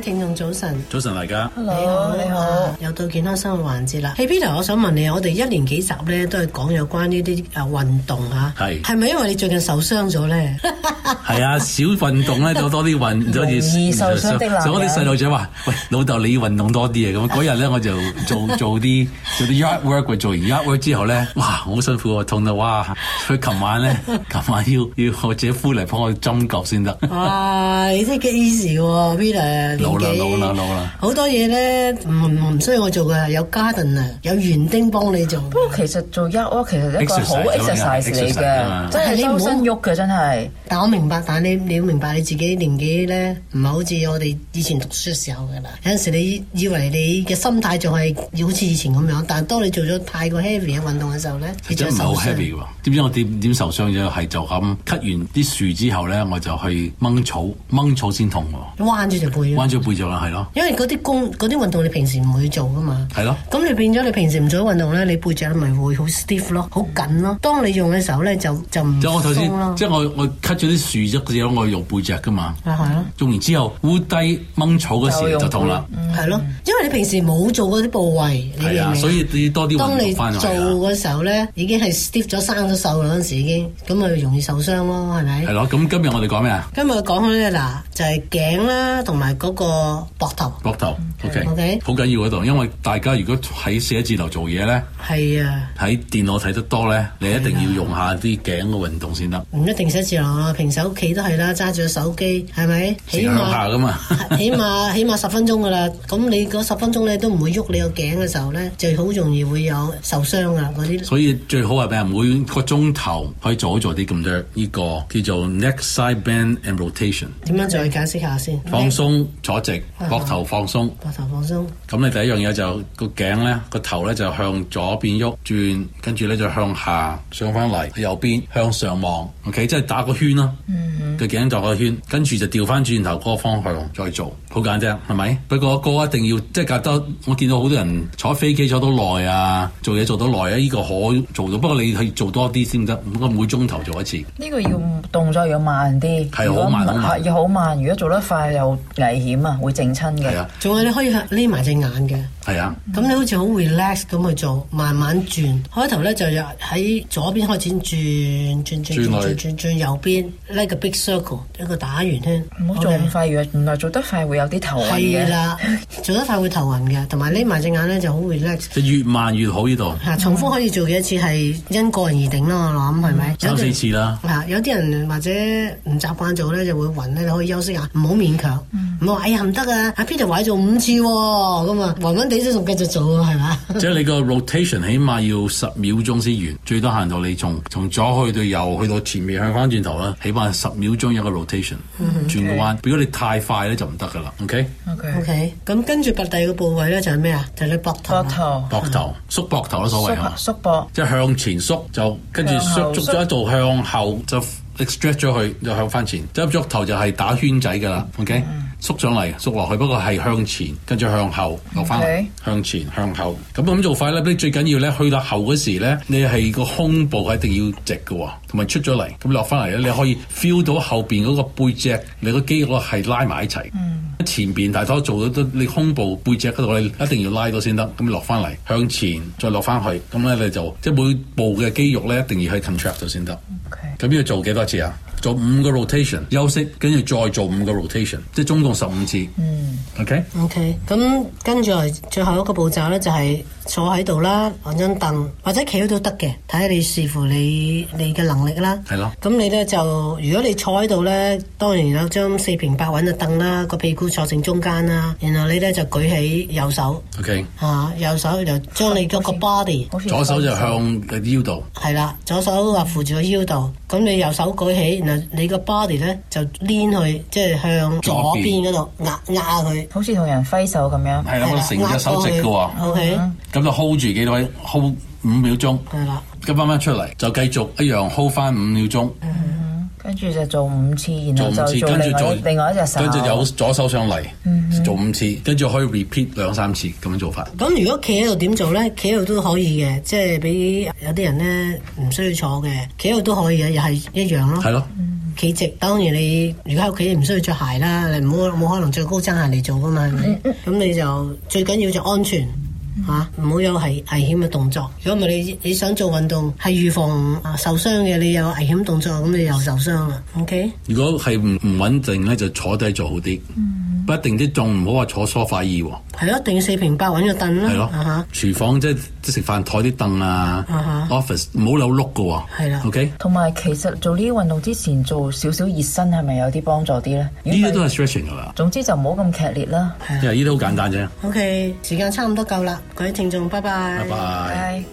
聽眾早晨，早晨大家，你好你好，又到健康生活環節啦。Hey、Peter，我想問你，我哋一年幾集咧都係講有關呢啲誒運動吓、啊，係係咪因為你最近受傷咗咧？係啊，少運動咧就多啲運， 容易受傷。所以啲細路仔話：喂，老豆，你要運動多啲啊！咁嗰日咧，我就做做啲做啲 yard work 做完 yard work 之後咧，哇，好辛苦，痛到哇！佢琴晚咧，琴晚要要我姐夫嚟幫我針灸先得。哇，你真係幾 easy、啊、喎，Peter。好多嘢咧，唔唔需要我做噶，有 garden 啊，有園丁幫你做。不過其實做一屋其實一個好 exercise 嚟嘅。真係你身喐嘅，真係。但我明白，但你你要明白你自己年紀咧，唔係好似我哋以前讀書嘅時候嘅啦。有陣時你以為你嘅心態仲係好似以前咁樣，但係當你做咗太過 heavy 嘅運動嘅時候咧，其實就唔係好 heavy 嘅，點知我點點受傷，就係就咁 cut 完啲樹之後咧，我就去掹草，掹草先痛喎。彎住條背。跟住背脊啦，係咯，因為嗰啲功嗰啲運動你平時唔會做噶嘛，係咯，咁你變咗你平時唔做運動咧，你背脊咪會好 stiff 咯，好緊咯。當你用嘅時候咧，就就唔即我頭先，即係我我 cut 咗啲樹枝之後，我用背脊噶嘛，咪係咯。用完之後，烏低掹草嗰時就痛啦，係咯。因為你平時冇做嗰啲部位，係啊，所以要多啲運動翻嚟。當你做嘅時候咧，已經係 stiff 咗，生咗銹嗰陣時，已經咁咪容易受傷咯，係咪？係咯。咁今日我哋講咩啊？今日講開咧，嗱，就係頸啦，同埋嗰。個膊頭，膊頭，OK，好緊、okay? 要嗰度，因為大家如果喺寫字樓做嘢咧，係啊，喺電腦睇得多咧，你一定要用一下啲頸嘅運動先得。唔、啊、一定寫字樓啊，平時屋企都係啦，揸住個手機，係咪？起碼，起碼下噶嘛，起碼起碼十分鐘噶啦。咁 你嗰十分鐘咧都唔會喐你個頸嘅時候咧，就好容易會有受傷啊嗰啲。所以最好係人每個鐘頭可以做一做啲咁多呢個叫做 neck side bend and rotation？點、okay. 樣再解釋下先？Okay. 放鬆。坐直，膊頭放鬆，膊、啊、頭放鬆。咁你第一樣嘢就個、是、頸咧，個頭咧就向左邊喐轉，跟住咧就向下上翻嚟，右邊向上望，OK，即係打個圈咯、啊。嗯，個頸就個圈，跟住就調翻轉頭嗰個方向再做，好簡單，係咪？不過嗰個一定要即係、就是、隔得我見到好多人坐飛機坐到耐啊，做嘢做到耐啊，呢、這個可做到，不過你可以做多啲先得。咁我每鐘頭做一次。呢、這個要動作要慢啲，係好慢好慢，要好慢。如果做得快又危險。會整親嘅，仲、啊、有你可以匿埋隻眼嘅，係啊。咁、嗯、你好似好 relax 咁去做，慢慢轉開頭咧就入喺左邊開始轉轉轉轉轉轉右邊，like 個 big circle 一個打圓圈，唔好做太快。唔、OK、係做得快會有啲頭暈嘅、啊，做得快會頭暈嘅，同埋匿埋隻眼咧就好 relax。就越慢越好呢度。吓、嗯，重複可以做幾多次係因個人而定啦，我諗係咪？三四次啦。吓，有啲人或者唔習慣做咧就會暈咧，你可以休息下，唔好勉強。嗯唔話哎呀唔得啊！阿 B 就話做五次咁、哦、啊，暈暈地都仲繼續做係、哦、嘛？即係你個 rotation 起碼要十秒鐘先完， 最多行到你從從左去到右，去到前面向翻轉頭啦，起碼十秒鐘有個 rotation，轉、okay. 個彎。Okay. 如果你太快咧就唔得噶啦，OK？OK，咁跟住拔第二個部位咧就係咩啊？就係、是、膊、就是、頭，膊頭，膊頭，縮、嗯、膊頭所謂縮膊，即係向前縮就跟住縮，足咗一度，向後就 extract 咗去，就向翻前，執、嗯、咗頭就係打圈仔噶啦，OK？、嗯縮上嚟，縮落去，不過係向前，跟住向後落返嚟，向前向後，咁咁樣，okay. 做法呢，你最緊要呢，去到後嗰時呢，你係個胸部一定要直㗎喎。同埋出咗嚟，咁落翻嚟咧，你可以 feel 到後面嗰個背脊，你個肌肉係拉埋一齊。嗯。前邊大多做到，都，你胸部背脊嗰度，你一定要拉到先得。咁落翻嚟，向前再落翻去，咁咧你就即每步嘅肌肉咧，一定要去 contract 到先得。OK。咁要做幾多次啊？做五個 rotation，休息，跟住再做五個 rotation，即係總共十五次。嗯。O、okay? K、okay。O K。咁跟住最後一個步驟咧、就是，就係。坐喺度啦，揾張凳或者企都得嘅，睇下你視乎你你嘅能力啦。係咯。咁你咧就，如果你坐喺度咧，當然有張四平八穩嘅凳啦，個屁股坐正中間啦，然後你咧就舉起右手。O、okay. 啊、右手就將你嗰個 body。左手就向個腰度。係啦，左手話扶住個腰度，咁你右手舉起，然後你個 body 咧就攣去，即係向左邊嗰度壓壓佢。好似同人揮手咁樣。係啊，成個手直嘅 O K。咁就 hold 住幾多位，hold 五秒鐘，係啦，跟翻翻出嚟就繼續一樣 hold 翻五秒鐘，嗯，跟住就做五次，然後做另外另外一隻手，跟住有左手上嚟、嗯，做五次，跟住可以 repeat 兩三次咁樣做法。咁如果企喺度點做咧？企喺度都可以嘅，即係俾有啲人咧唔需要坐嘅，企喺度都可以嘅，又係一樣咯。係咯、嗯，企直當然你如果喺屋企唔需要着鞋啦，你冇冇可能着高踭鞋嚟做噶嘛？咁、嗯、你就最緊要就安全。吓、啊，唔好有危危險嘅動作。如果唔係，你你想做運動，係預防受傷嘅。你有危險動作，咁你又受傷啦。OK？如果係唔唔穩定咧，就坐低做好啲。嗯。不一定啲仲唔好話坐梳化椅喎，係咯，一定要四平八穩嘅凳啦。係咯，uh-huh。廚房即係即食飯台啲凳啊，office 唔好扭碌噶喎，係啦，OK。同埋其實做呢啲運動之前做少少熱身係咪有啲幫助啲咧？呢啲都係 stretching 噶啦。總之就唔好咁劇烈啦。因為呢啲好簡單啫。OK，時間差唔多夠啦，各位聽眾，拜拜。拜拜。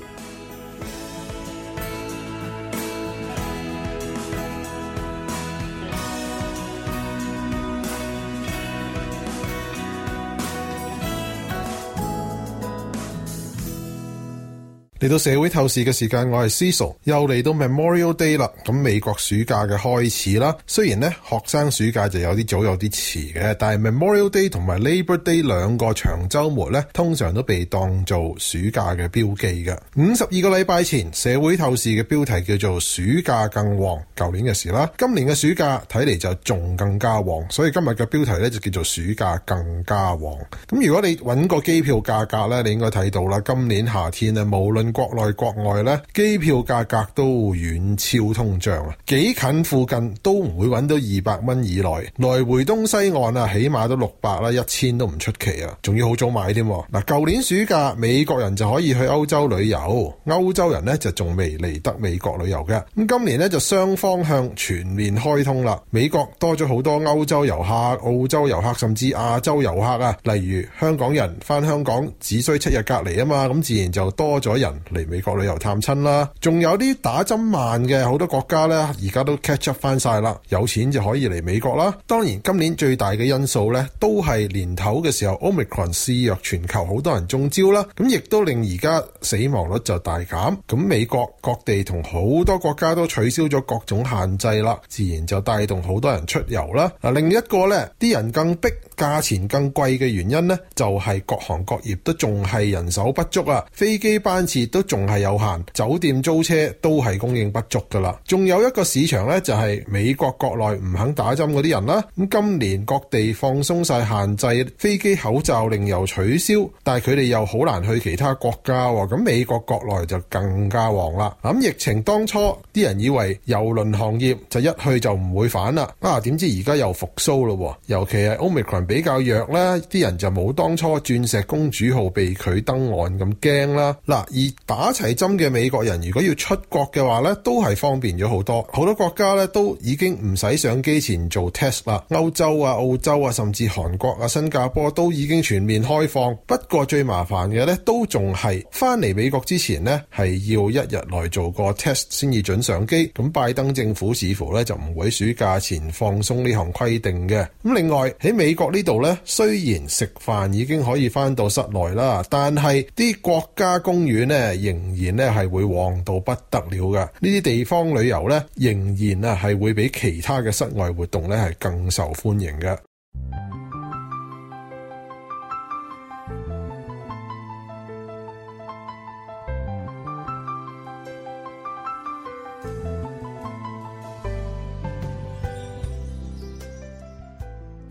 嚟到社會透視嘅時間，我係 Ciso，又嚟到 Memorial Day 啦。咁美國暑假嘅開始啦，雖然咧學生暑假就有啲早有啲遲嘅，但係 Memorial Day 同埋 Labor Day 兩個長周末咧，通常都被當做暑假嘅標記嘅。五十二個禮拜前，社會透視嘅標題叫做暑假更旺，舊年嘅時啦。今年嘅暑假睇嚟就仲更加旺，所以今日嘅標題咧就叫做暑假更加旺。咁如果你揾個機票價格咧，你應該睇到啦，今年夏天咧，無論國內國外咧，機票價格都遠超通脹啊！幾近附近都唔會揾到二百蚊以內，來回東西岸啊，起碼都六百啦，一千都唔出奇啊！仲要好早買添。嗱，舊年暑假美國人就可以去歐洲旅遊，歐洲人呢就仲未嚟得美國旅遊嘅。咁今年呢就雙方向全面開通啦，美國多咗好多歐洲遊客、澳洲遊客，甚至亞洲遊客啊，例如香港人翻香港只需七日隔離啊嘛，咁自然就多咗人。嚟美國旅遊探親啦，仲有啲打針慢嘅好多國家呢，而家都 catch up 翻晒啦。有錢就可以嚟美國啦。當然今年最大嘅因素呢，都係年頭嘅時候 Omicron 肆虐全球，好多人中招啦，咁亦都令而家死亡率就大減。咁美國各地同好多國家都取消咗各種限制啦，自然就帶動好多人出遊啦。嗱，另一個呢，啲人更逼，價錢更貴嘅原因呢，就係、是、各行各業都仲係人手不足啊，飛機班次。亦都仲係有限，酒店租車都係供應不足噶啦。仲有一個市場呢，就係、是、美國國內唔肯打針嗰啲人啦。咁今年各地放鬆晒限制，飛機口罩令又取消，但係佢哋又好難去其他國家喎。咁美國國內就更加旺啦。咁疫情當初啲人以為郵輪行業就一去就唔會返啦，啊點知而家又復蘇咯，尤其係 Omicron 比較弱啦，啲人就冇當初鑽石公主號被拒登岸咁驚啦。嗱、啊，打齊針嘅美國人，如果要出國嘅話呢都係方便咗好多。好多國家呢都已經唔使上機前做 test 啦。歐洲啊、澳洲啊，甚至韓國啊、新加坡都已經全面開放。不過最麻煩嘅呢都仲係翻嚟美國之前呢，係要一日內做個 test 先至準上機。咁拜登政府似乎呢就唔會暑假前放鬆呢項規定嘅。咁另外喺美國呢度呢，雖然食飯已經可以翻到室內啦，但係啲國家公園呢，仍然咧係會旺到不得了嘅。呢啲地方旅遊咧仍然啊，係會比其他嘅室外活動咧係更受歡迎嘅。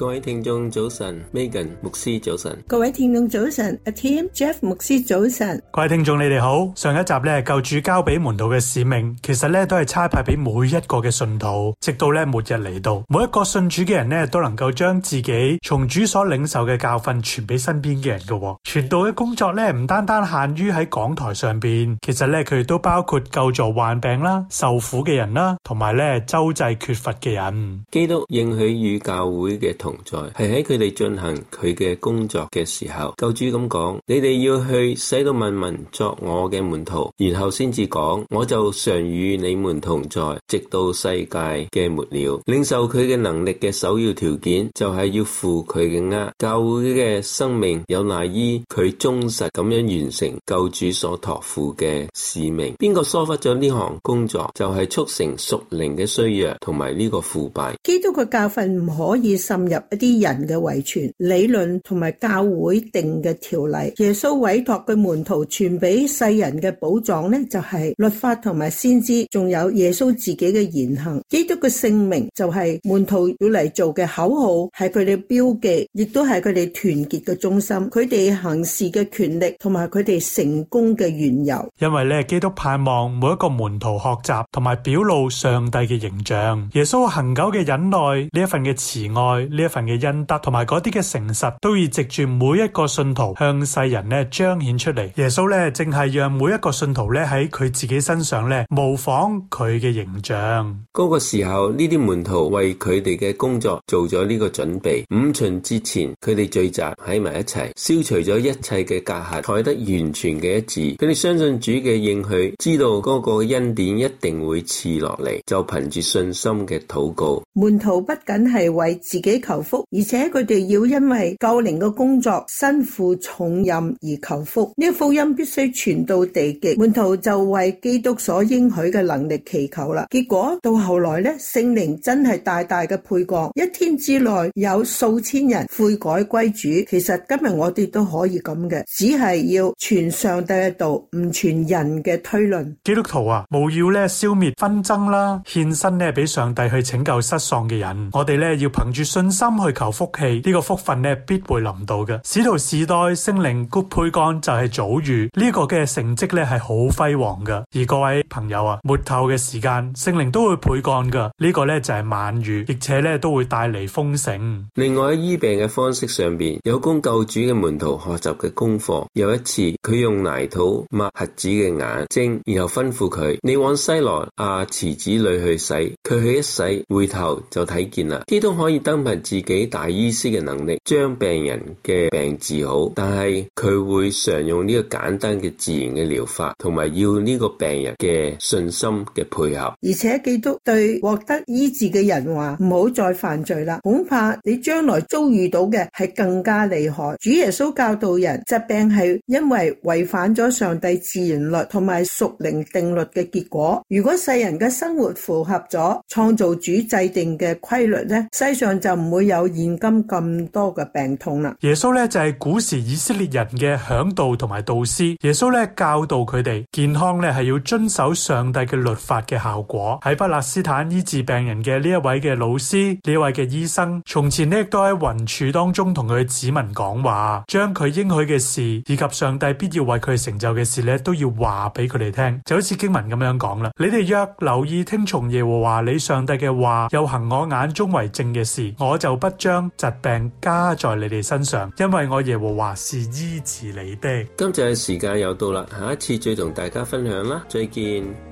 各位聽眾早晨，Megan 牧師早晨，各位聽眾早晨，阿 Tim Jeff 牧師早晨，各位聽眾你哋好。上一集咧，救主交俾門徒嘅使命，其實咧都係差派俾每一個嘅信徒，直到咧末日嚟到，每一個信主嘅人咧都能夠將自己從主所領受嘅教訓傳俾身邊嘅人嘅。傳道嘅工作咧唔單單限於喺講台上邊，其實咧佢哋都包括救助患病啦、受苦嘅人啦，同埋咧周濟缺乏嘅人。基督應許與教會嘅同。同在，係喺佢哋進行佢嘅工作嘅時候，救主咁講：你哋要去使到萬民作我嘅門徒，然後先至講，我就常與你們同在，直到世界嘅末了。領受佢嘅能力嘅首要條件就係要負佢嘅軛。教會嘅生命有賴於佢忠實咁樣完成救主所託付嘅使命。邊個疏忽咗呢項工作，就係促成屬靈嘅衰弱同埋呢個腐敗。基督嘅教訓唔可以滲入，一啲人嘅遺傳理論同埋教會定嘅條例，耶穌委託佢門徒傳俾世人嘅寶藏呢，就係律法同埋先知，仲有耶穌自己嘅言行。基督嘅姓名就係門徒要嚟做嘅口號，係佢哋標記，亦都係佢哋團結嘅中心。佢哋行事嘅權力同埋佢哋成功嘅緣由，因為咧，基督盼望每一個門徒學習同埋表露上帝嘅形象。耶穌恒久嘅忍耐，呢一份嘅慈愛。一份嘅恩德，同埋嗰啲嘅誠實，都要藉住每一個信徒向世人咧彰顯出嚟。耶穌咧，淨係讓每一個信徒咧喺佢自己身上咧模仿佢嘅形象。嗰個時候，呢啲門徒為佢哋嘅工作做咗呢個準備。五旬之前，佢哋聚集喺埋一齊，消除咗一切嘅隔閡，蓋得完全嘅一致。佢哋相信主嘅應許，知道嗰個恩典一定會賜落嚟，就憑住信心嘅禱告。門徒不僅係為自己求。求福，而且佢哋要因為救靈嘅工作身負重任而求福。呢、這個福音必須傳到地極，門徒就為基督所應許嘅能力祈求啦。結果到後來咧，聖靈真係大大嘅配角，一天之內有數千人悔改歸主。其實今日我哋都可以咁嘅，只係要傳上帝嘅道，唔傳人嘅推論。基督徒啊，務要咧消滅紛爭啦，獻身呢，俾上帝去拯救失喪嘅人。我哋咧要憑住信心去求福氣，呢、這個福分咧必會臨到嘅。使徒時代聖靈配 o 就係早雨，這個、的呢個嘅成績咧係好輝煌嘅。而各位朋友啊，末透嘅時間聖靈都會配降嘅，呢、這個呢就係晚雨，而且呢都會帶嚟豐盛。另外喺醫病嘅方式上邊，有供救主嘅門徒學習嘅功課，有一次佢用泥土抹瞎子嘅眼睛，然後吩咐佢：你往西羅啊池子裏去洗。佢去一洗，回頭就睇見啦。基督可以登自己大醫師嘅能力將病人嘅病治好，但係佢會常用呢個簡單嘅自然嘅療法，同埋要呢個病人嘅信心嘅配合。而且基督對獲得醫治嘅人話，唔好再犯罪啦，恐怕你將來遭遇到嘅係更加厲害。主耶穌教導人，疾病係因為違反咗上帝自然律同埋屬靈定律嘅結果。如果世人嘅生活符合咗創造主制定嘅規律呢，世上就唔會。有現今咁多嘅病痛啦。耶穌咧就係古時以色列人嘅嚮導，同埋導師。耶穌咧教導佢哋健康咧係要遵守上帝嘅律法嘅效果。喺巴勒斯坦醫治病人嘅呢一位嘅老師，呢位嘅醫生，從前咧都喺雲柱當中同佢嘅子民講話，將佢應許嘅事以及上帝必要為佢成就嘅事咧都要話俾佢哋聽。就好似經文咁樣講啦，你哋若留意聽從耶和華你上帝嘅話，又行我眼中為正嘅事，我就。不將疾病加在你哋身上，因為我耶和華是醫治你的。今日嘅時間又到啦，下一次再同大家分享啦，再見。.